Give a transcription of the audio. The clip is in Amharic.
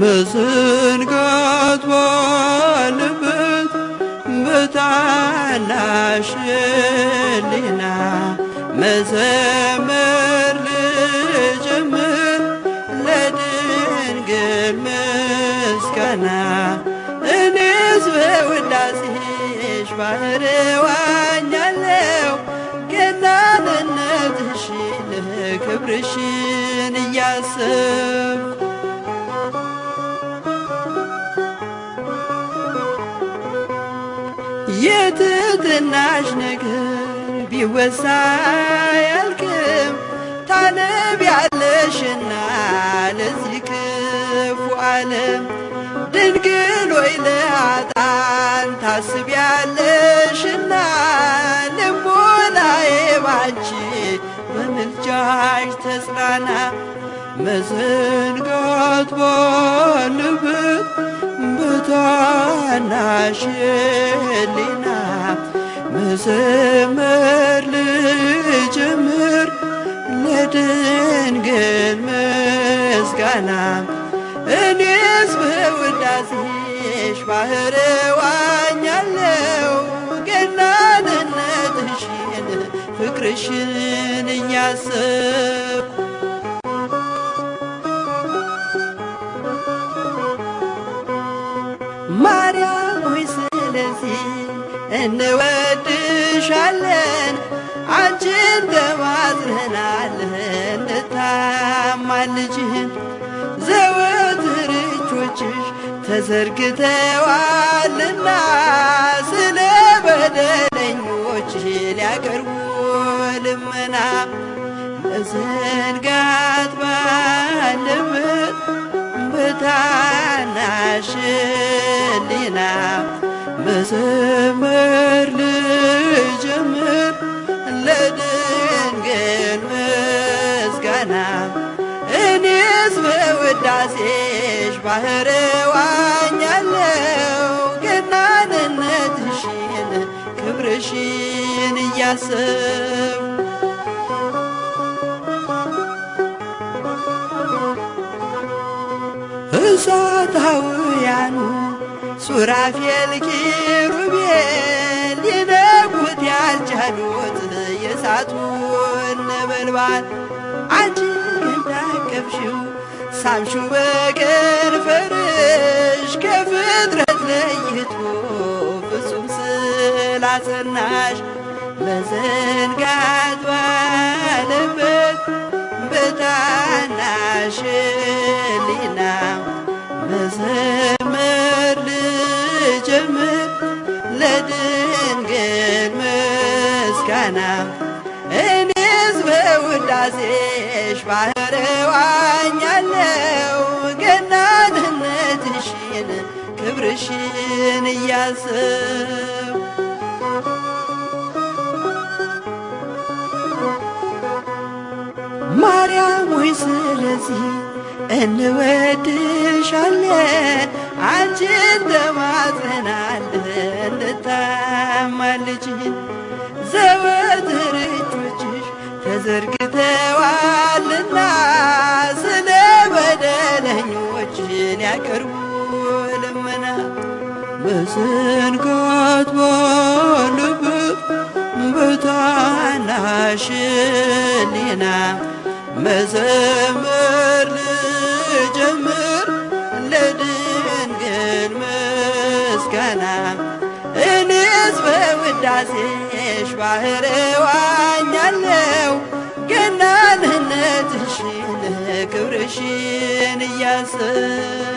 መዘንጋት ባለ በታናሽ ሕሊና መዘመር ልጀምር ለድንግል ምስጋና እኔስ በውዳሴሽ ባህር ዋኛለው ገናንነትሽን ክብርሽን እያስብ የትትናሽ ነገር ቢወሳይ አልክም ታነቢያለሽና ለዚህ ክፉ ዓለም ድንግል ወይ ለአጣን ታስቢያለሽና ልቦናዬ ባንቺ በምልጃሽ ተጽናና መዘንጋት ባለበት በታናሽ ከመስመር ልጀምር ለድንግል ምስጋና እኔስ በውዳሴሽ ባህር ዋኛለው ገናንነትሽን ፍቅርሽን እያሰብኩ ማርያም ሆይ ስለዚህ እንወድ እንሻለን አንቺን ተማጽነናልህን ልታማ ልጅህን ዘወትር እጆችሽ ተዘርግተዋልና ስለ በደለኞች ሊያቀርቡ ልመና መዘንጋት ባለበት በታናሽ ሕሊና መዘመ ውዳሴሽ ባህር ዋኛለው ገናንነትሽን ክብርሽን እያሰብ እሳታውያኑ ሱራፌል ኪሩቤል ሊነኩት ያልቻሉት የእሳቱን ነበልባል አንቺ እንዳቀፍሽው ሳምሹ በቀር ፈርሽ ከፍጥረት ለይቶ ፍጹም ስላጸናሽ መዘንጋት ባለበት በታናሽ ሊና መዘመር ልጀምር ለድንግል ምስጋና እኔስ በውዳሴሽ ባህር ዋኛለ ፍቅርሽን እያሰብ ማርያም ሆይ ስለዚህ እንወድሻለን፣ አንቺን ተማጽናለን፣ ልታማልጅን ዘወትር እጆችሽ ተዘርግተን ጭንቀት ባለበት በታናሽ ሕሊና መዘመር ልጀምር ለድንግል ምስጋና እኔስ በውዳሴሽ ባህር ዋኛለው ገናንነትሽን ክብርሽን እያስብ